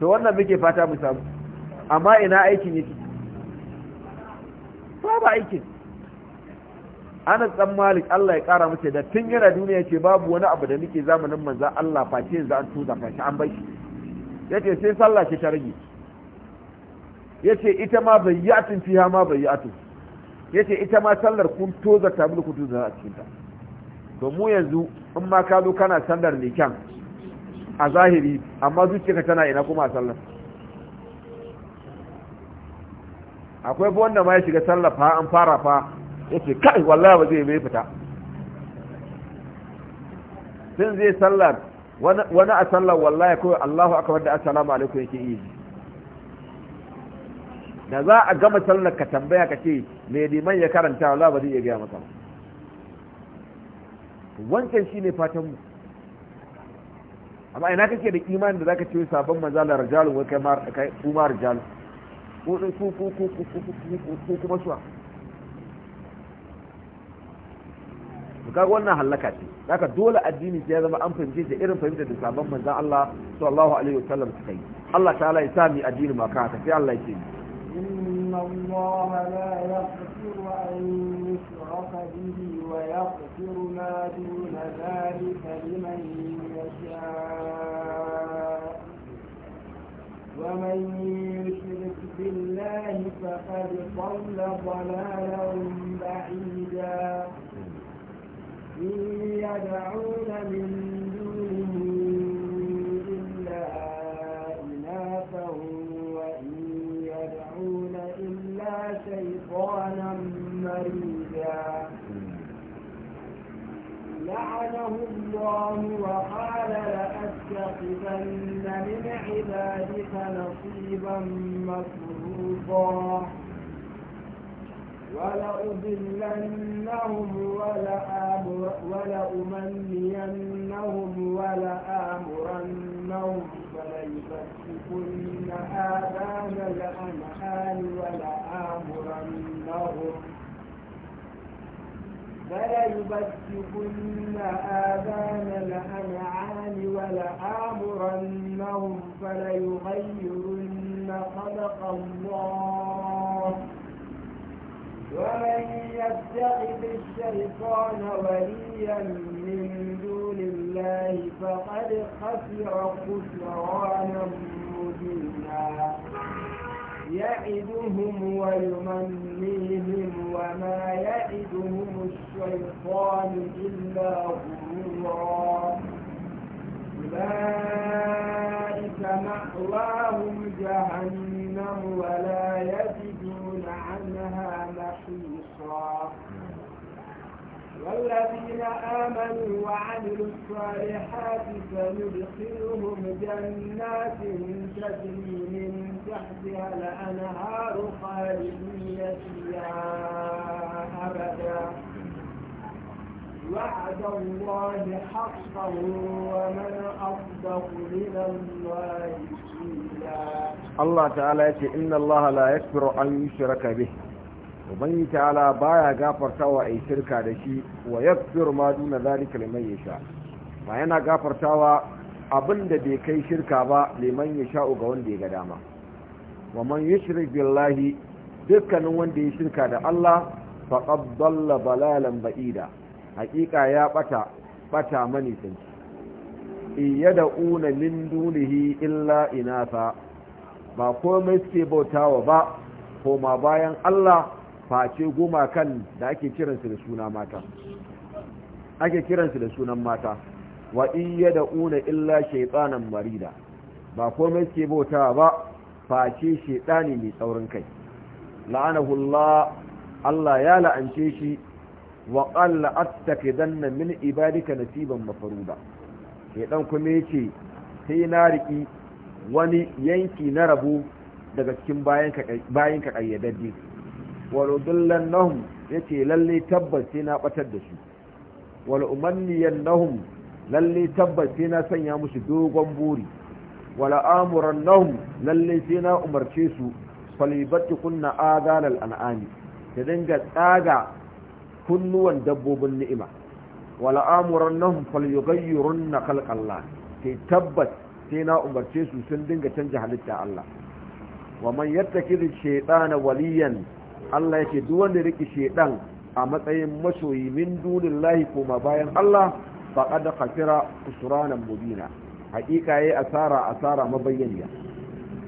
Speaker 1: to wannan muke fata mu samu amma ina aikin yake ba aikin Ana dan malik Allah ya kara mace da tun yana duniya ce babu wani abu da nake zamanin manza Allah face yanzu an tuza face an bai shi ya ce sai sallah ce ta rage ya ce ita ma bai yi atin fiha ma bai yi atin ya ce ita ma sallar kun toza ta bulu kun za a cikinta to mu yanzu in ma ka zo kana sallar ne kyan a zahiri amma zuciyarka tana ina kuma a sallar akwai fi wanda ma ya shiga sallar fa an fara fa ya ce kai wallahi ba zai bai fita sun zai sallar wani a sallar wallahi kawai Allahu akbar da assalamu alaikum yake yi da za a gama sallar ka tambaya ka ce me liman ya karanta wala ba zai iya gaya masa wancan shine ne fatanmu amma ina kake da imanin da zaka ce sabon maza rajalun wai kai umar ko kuma kaga wannan halaka ce haka dole addini ya zama an fahimce shi irin fahimta da sabon manzon Allah sallallahu alaihi wasallam suka yi Allah ta'ala ya sami addini ma ka ta sai Allah ya ce
Speaker 2: inna Allah la yaghfiru an yushraka bihi wa yaghfiru ma duna dhalika liman yasha ومن يشرك بالله فقد ضل ضلالا بعيدا يدعون من دونه إلا إناثا وإن يدعون إلا شيطانا مريدا لعنه الله وقال لأتخذن من عبادك نصيبا مفروضا ولأضلنهم ولأمنينهم ولآمرنهم فليبتكن آذان الأنعام ولآمرنهم فليبتكن آذان الأنعام ولآمرنهم فليغيرن خلق الله ومن يتخذ الشيطان وليا من دون الله فقد خسر خسرانا مبينا يعدهم ويمنيهم وما يعدهم الشيطان إلا غرورا أولئك مأواهم جهنم ولا يجد إنها لحيصا والذين آمنوا وعملوا الصالحات سندخلهم جنات تجري من تحتها الأنهار خالدين فيها أبدا وعد الله حقا ومن أصدق من الله
Speaker 3: قيلا
Speaker 1: الله تعالى يقول إن الله لا يكفر أن يشرك به ubangi ta'ala baya gafartawa ai shirka da shi wa yaghfiru ma duna zalika liman yasha ba yana gafartawa abinda bai kai shirka ba liman yasha ga wanda ya ga dama wa man yushrik dukkanin wanda ya shirka da Allah faqad dalla balalan ba'ida haƙiƙa ya ɓata ɓata manisanci iya da una min dunihi illa inasa ba komai suke bautawa ba koma bayan Allah face gumakan da ake kiransu da suna mata ake kiransu da sunan mata wa iya da una illa shaitanan marida ba komai suke bautawa ba face shaitani mai tsaurin kai Allah Allah ya la'ance shi wa qalla attakidanna min ibadika nasiban mafruda ɗan kuma yace sai na riki wani yanki na rabu daga cikin bayan ka kayyadadde wa nahum yace lalle tabbas sai na batar da su wal umanniyannahum lalle tabbas sai na sanya musu dogon buri wal'amuran amuran nahum lalle sai na umarce su falibatti kunna azalal an'ami ta dinga tsaga kunnuwan dabbobin ni'ima wala amurannahum falyughayyirunna kalkalla. Ke tabbas sai na umarce su sun dinga canja halitta Allah wa man shaiɗa na waliyan Allah yake duk wanda riki shaiɗan a matsayin masoyi min ko ma bayan Allah faqad kafira khusranan mubina haƙiƙa yayi asara asara mabayyaniya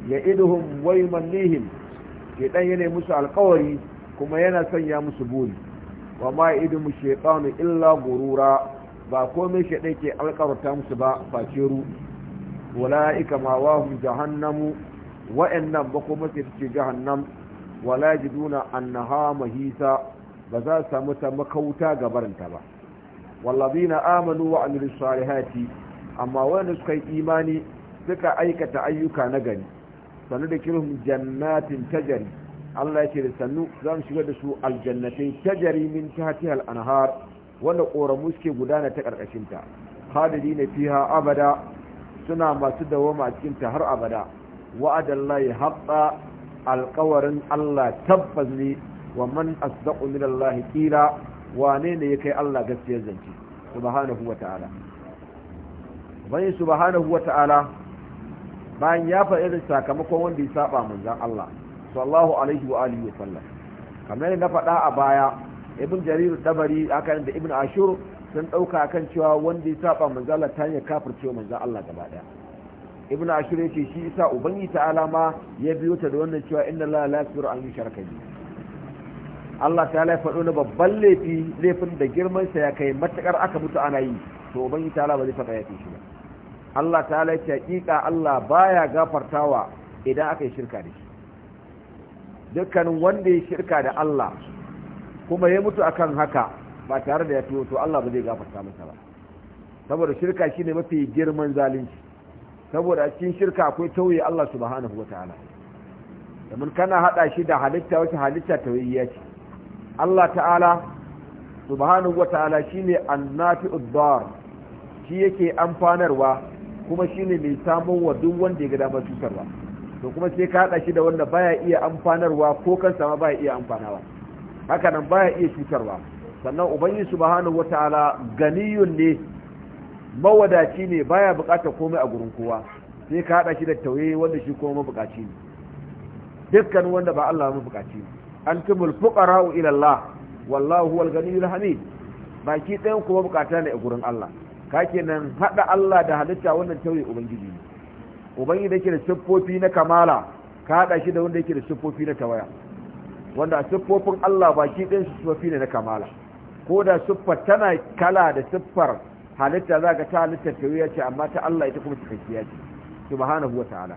Speaker 1: ya'iduhum wa yumannihim shaytan yana musu alƙawari kuma yana sanya musu buri wa ma idimu shaitanu illa gurura ba komai shaɗai ke alƙarta musu ba face ru wala'ika ma wahum jahannamu wa'annan ba kuma sai ce jahannam wala jiduna annaha mahisa ba za su samu ta makauta gabaranta ba na amanu wa amilus salihati amma wanda suka yi imani suka aikata ayyuka na gari sanu da kirhum jannatin tajari Allah ya ce da sannu za mu shigar da su aljannatai ta jari min tahtiha al-anhar wanda koramu suke gudana ta karkashin ta khalidina fiha abada suna masu dawama a cikin ta har abada wa'adallahi haqqa alƙawarin Allah tabbas ne wa man asdaqu min Allah qila wane ne yake Allah gaskiyar zance subhanahu wa ta'ala bayan subhanahu wa ta'ala bayan ya faɗi sakamakon wanda ya saba manzon Allah sallallahu alaihi wa alihi wa sallam kamar na faɗa a baya ibn jarir tabari aka da ibn ashur sun ɗauka kan cewa wanda ya saba manzo Allah ta hanyar kafircewa manzo Allah gaba daya ibn ashur yace shi isa ubangi ta'ala ma ya biyo ta da wannan cewa inna la la yasfiru an yushraka bi Allah ta'ala ya faɗo na babban laifi laifin da girman sa ya kai matakar aka mutu ana yi to ubangi ta'ala ba zai faɗa ya shi ba Allah ta'ala ya ce hakika Allah baya gafartawa idan aka yi shirka da shi dukkanin wanda ya shirka da Allah kuma ya mutu akan haka ba tare da ya fi to Allah ba zai gafarta masa ba saboda shirka shine mafi girman zalunci saboda a cikin shirka akwai tauye Allah subhanahu wataala domin kana hada shi da halitta wata halitta tawayyiya ce Allah ta'ala subhanahu wataala shine annafi'ud dar shi yake amfanarwa kuma shine mai samun wa duk wanda ya ga damar cutarwa to kuma sai ka hada shi da wanda baya iya amfanarwa ko kansa ma baya iya amfanawa haka nan baya iya cutarwa sannan ubangi subhanahu wataala ganiyun ne mawadaci ne baya bukatar komai a gurin kowa sai ka hada shi da tauye wanda shi kuma mabukaci ne dukkan wanda ba Allah mabukaci ne antumul fuqara'u ila Allah wallahu huwal ganiyul hamid baki ɗayan kuma bukata ne a gurin Allah ka kenan haɗa Allah da halitta wannan tauye ubangiji ne da yake da siffofi na kamala ka hada shi da wanda yake da siffofi na tawaya wanda siffofin Allah baki ɗin su siffofi ne na kamala ko da siffar tana kala da siffar halitta za ka ta halittar tawaya ce amma ta Allah ita kuma cikakkiya ce subhanahu wa ta'ala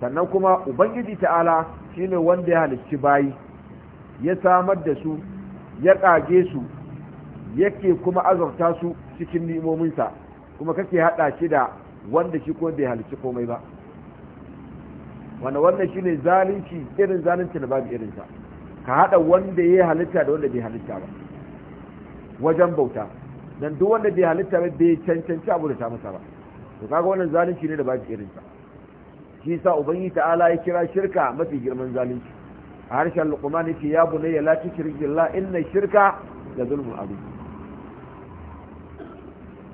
Speaker 1: sannan kuma ubangiji ta'ala shine wanda ya halicci bayi ya samar da su ya kage su yake kuma azurta su cikin ni'imominsa kuma kake haɗa shi da wanda shi kuma bai halici komai ba wanda wannan ne zalunci irin zalunci da babu irinsa ka hada wanda ya halitta da wanda bai halitta ba wajen bauta dan duk wanda bai halitta ba bai cancanci abu da ta masa ba to kaga wannan zalunci ne da babu irinsa shi yasa ubangiji ta'ala ya kira shirka mafi girman zalunci a harshen luqman yake ya bunayya la tushrik billah inna shirka la zulmun abu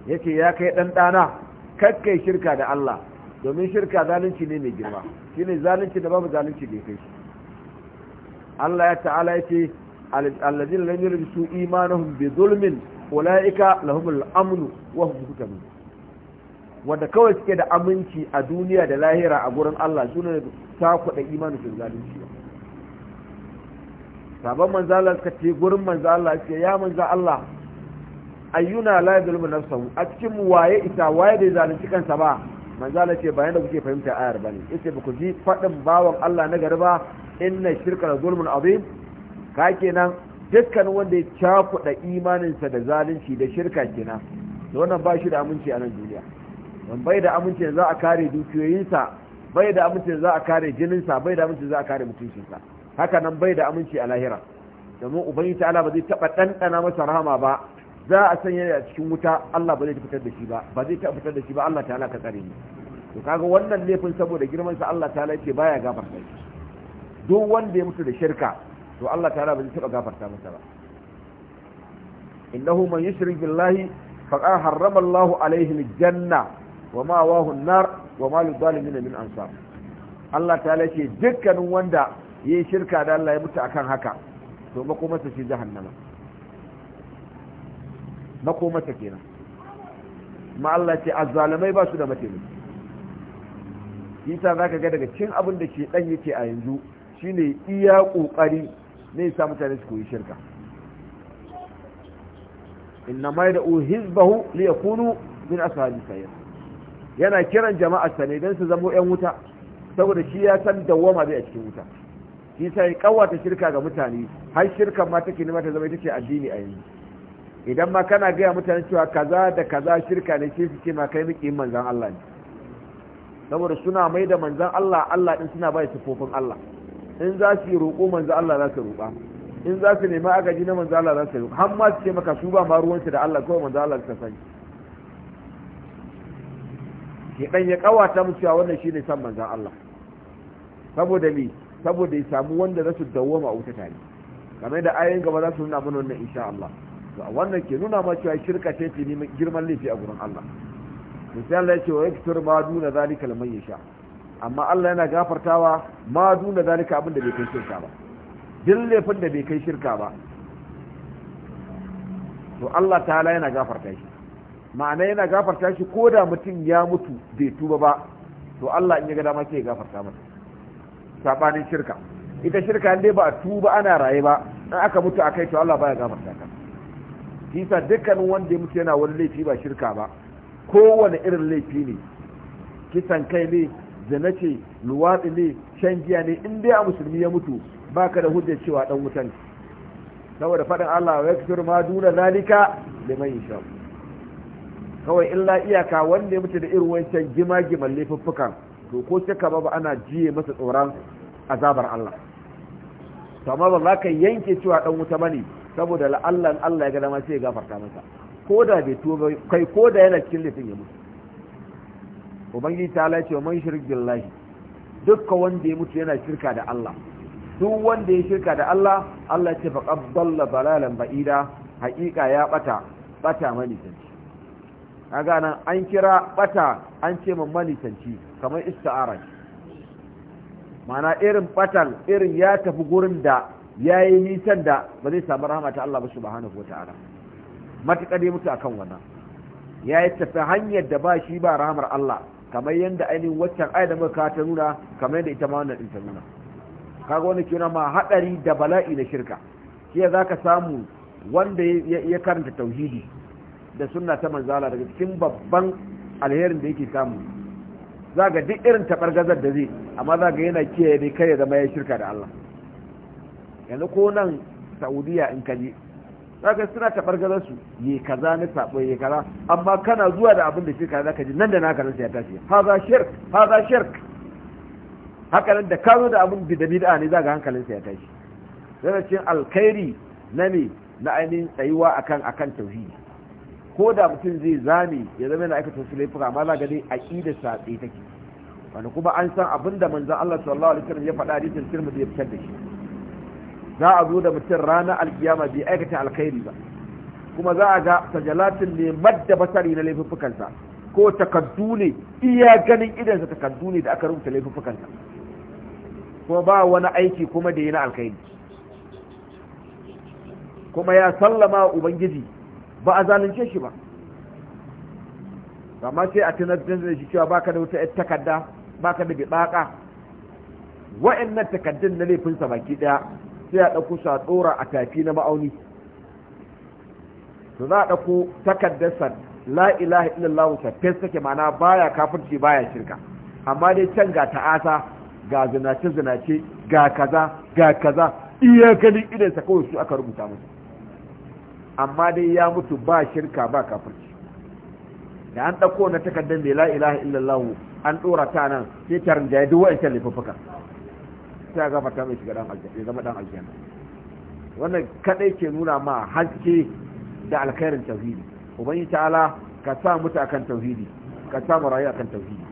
Speaker 1: yace ya kai dan dana kakkai shirka da Allah domin shirka zalunci ne mai girma shine zalunci da babu zalunci da kai Allah ya ta'ala ya ce alladhina lam yulbisu imanuhum bi zulmin ulaika lahumul amnu wa hum wanda kawai suke da aminci a duniya da lahira a gurin Allah su ne ta kuɗa imanin su zalunci sabon manzo Allah suka ce gurin manzo Allah suke ya manzo Allah ayyuna la yadullu nafsahu a cikin waye isa waye da zalunci kansa ba Allah ce bayan da kuke fahimta ayar bane yace ba ku ji fadin bawan Allah na garba inna shirka la zulmun azim ka kenan dukkan wanda ya cakuɗa imaninsa da zalunci da shirka kenan da wannan ba shi da aminci a nan duniya don bai da aminci za a kare dukiyoyinsa bai da aminci za a kare jinin sa? bai da aminci za a kare mutuncinsa haka nan bai da aminci a lahira domin ubangiji ta'ala ba zai taɓa ɗanɗana masa rahama ba za a sanya a cikin wuta Allah ba zai fitar da shi ba ba zai ta fitar da shi ba Allah ta ka tsare ni to kaga wannan laifin saboda girman sa Allah ta'ala yake baya gafarta shi duk wanda ya mutu da shirka to Allah ta ba zai taba gafarta masa ba innahu man yushrik billahi faqad harrama Allahu alayhi janna wa ma wahu an-nar wa ma lidh-dhalimin min ansar Allah ta'ala yake dukkanin wanda yayi shirka da Allah ya mutu akan haka to ba kuma sa shi jahannama makomata kenan
Speaker 3: ma Allah ce azzalamai
Speaker 1: ba su da mataimaki isa za ka ga daga cin abin da ke dan yake a yanzu shine iya kokari ne sa mutane su koyi shirka inna mai da uhizbahu li yakunu min ashabi sayyid yana kiran jama'ar sa ne dan su zamo yan wuta saboda shi ya san dawwama bai a cikin wuta shi sai kawata shirka ga mutane har shirkan ma take ma ta zama ita ce addini a yanzu idan ma kana gaya mutane cewa kaza da kaza shirka ne ce suke ce ma kai miki manzan Allah ne saboda suna mai da manzan Allah Allah din suna bai sifofin Allah in za su yi roƙo manzan Allah za su roƙa in za su nemi agaji na manzan Allah za su roƙa har ma su ce maka su ba ma ruwansu da Allah kawai manzan Allah suka sani dan ya kawata musu cewa wannan shine san manzan Allah saboda me saboda ya samu wanda za su dawwama a wuta tare kamar da ayoyin gaba za su nuna mana wannan insha Allah to a wannan ke nuna ma cewa shirka ce ce girman laifi a gurin Allah sai Allah ya ce wa yaktur ma duna zalika liman yasha amma Allah yana gafartawa ma duna zalika abin da bai kai shirka ba duk laifin da bai kai shirka ba to Allah ta'ala yana gafarta shi ma'ana yana gafarta shi ko da mutum ya mutu bai tuba ba to Allah in ya ga dama sai ya gafarta masa sabanin shirka ita shirka dai ba a tuba ana raye ba dan aka mutu akai to Allah baya gafarta ka isa dukkanin wanda ya mutu yana wani laifi ba shirka ba kowane irin laifi ne kisan kai ne zina ce luwaɗi ne shan giya ne in dai a musulmi ya mutu baka da hujjar cewa dan wuta saboda faɗin Allah ya fitar ma duna zalika liman yasha kawai illa iyaka wanda ya mutu da irin wancan gima-giman laifuffukan to ko shakka ba ana jiye masa tsoron azabar Allah to amma ba za ka yanke cewa dan wuta bane saboda la'allan Allah ya ga dama sai ya gafarta masa ko da bai tuba kai ko da yana cikin laifin ya mutu ubangiji ta lace wa man shirk billahi dukka wanda ya mutu yana shirka da Allah duk wanda ya shirka da Allah Allah ce fa qaddalla balalan ba'ida haqiqa ya bata bata sanci. kaga nan an kira bata an ce man sanci kamar isti'ara ma'ana irin batal irin ya tafi gurin da ya yi nisan da ba zai samu rahama ta Allah ba su subhanahu wa ta'ala matuƙar ya mutu akan wannan ya yi tafi hanyar da ba shi ba rahamar Allah kamar yadda ainihin waccan ayar da muka ta nuna kamar yadda ita ma wannan ɗin ta nuna kaga wani kira ma haɗari da bala'i na shirka shi za ka samu wanda ya karanta tauhidi da sunna ta manzala daga cikin babban alherin da yake samu za ga duk irin taɓar gazar da zai amma za ga yana kiyaye ne kai ya zama ya shirka da Allah yanzu ko nan saudiya in ka je zaka suna tabar gazar su yi kaza ni sabo yi kaza amma kana zuwa da abin da shi kaza ka ji nan da naka ransa ya tashi haza shirk haza shirk haka nan da ka zo da abin da bid'a ne zaka sa ya tashi yana cin alkhairi na ne na ainihin tsayuwa akan akan tauhidi ko da mutum zai zame ya zama yana aikata wasu laifuka amma za ga dai aqida sa tsaye take wani kuma an san abin da manzon Allah sallallahu alaihi wasallam ya faɗa hadisin Tirmidhi ya fitar da shi za a zo da mutum ranar alkiyama bai aikata alkhairi ba kuma za a ga sajalatin ne madda basari na laifuffukansa ko takardu ne iya ganin idansa takaddu ne da aka rubuta laifuffukansa kuma ba wani aiki kuma da yi na alkhairi kuma ya sallama wa ubangiji ba a zalunce shi ba amma sai a tunar da shi cewa baka da wata takarda baka da bidaka wa'annan takaddun na laifinsa baki daya sai a ɗauko su a ɗora a tafi na ma'auni to za a ɗauko takardar la ilaha illallah fes take ma'ana baya kafirci baya shirka amma dai can ga ta'asa ga zinace zinace ga kaza ga kaza iya ganin idan sa kawai su aka rubuta musu amma dai ya mutu ba shirka ba kafirci da an ɗauko na takardar mai la ilaha illallah an ɗora ta nan sai ta rinjaye duk wa'ancan laifuffuka ta gafarta mai shiga wannan kadai ke nuna ma haske da alkhairin tauhidi ta ta'ala ka sa muta akan tauhidi ka sa mu rayu akan tauhidi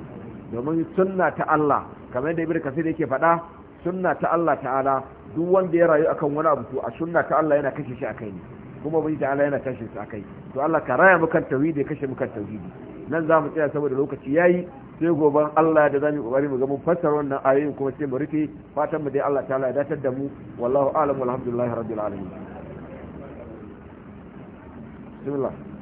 Speaker 1: domin sunna ta Allah kamar yadda ibnu kasir yake faɗa sunna ta Allah ta'ala duk wanda ya rayu akan wani abu to a sunna ta Allah yana kashe shi akai ne kuma ta ta'ala yana kashe shi akai to Allah ka raya mu kan tauhidi kashe mu kan tauhidi nan za mu tsaya saboda lokaci ya yi sai goban Allah da zamu kokari mu ga mun fassara wannan ayoyin kuma sai mu rufe fatan mu dai Allah Ta ya datar da mu wallahu a'lam walhamdulillahi rabbil alamin bismillah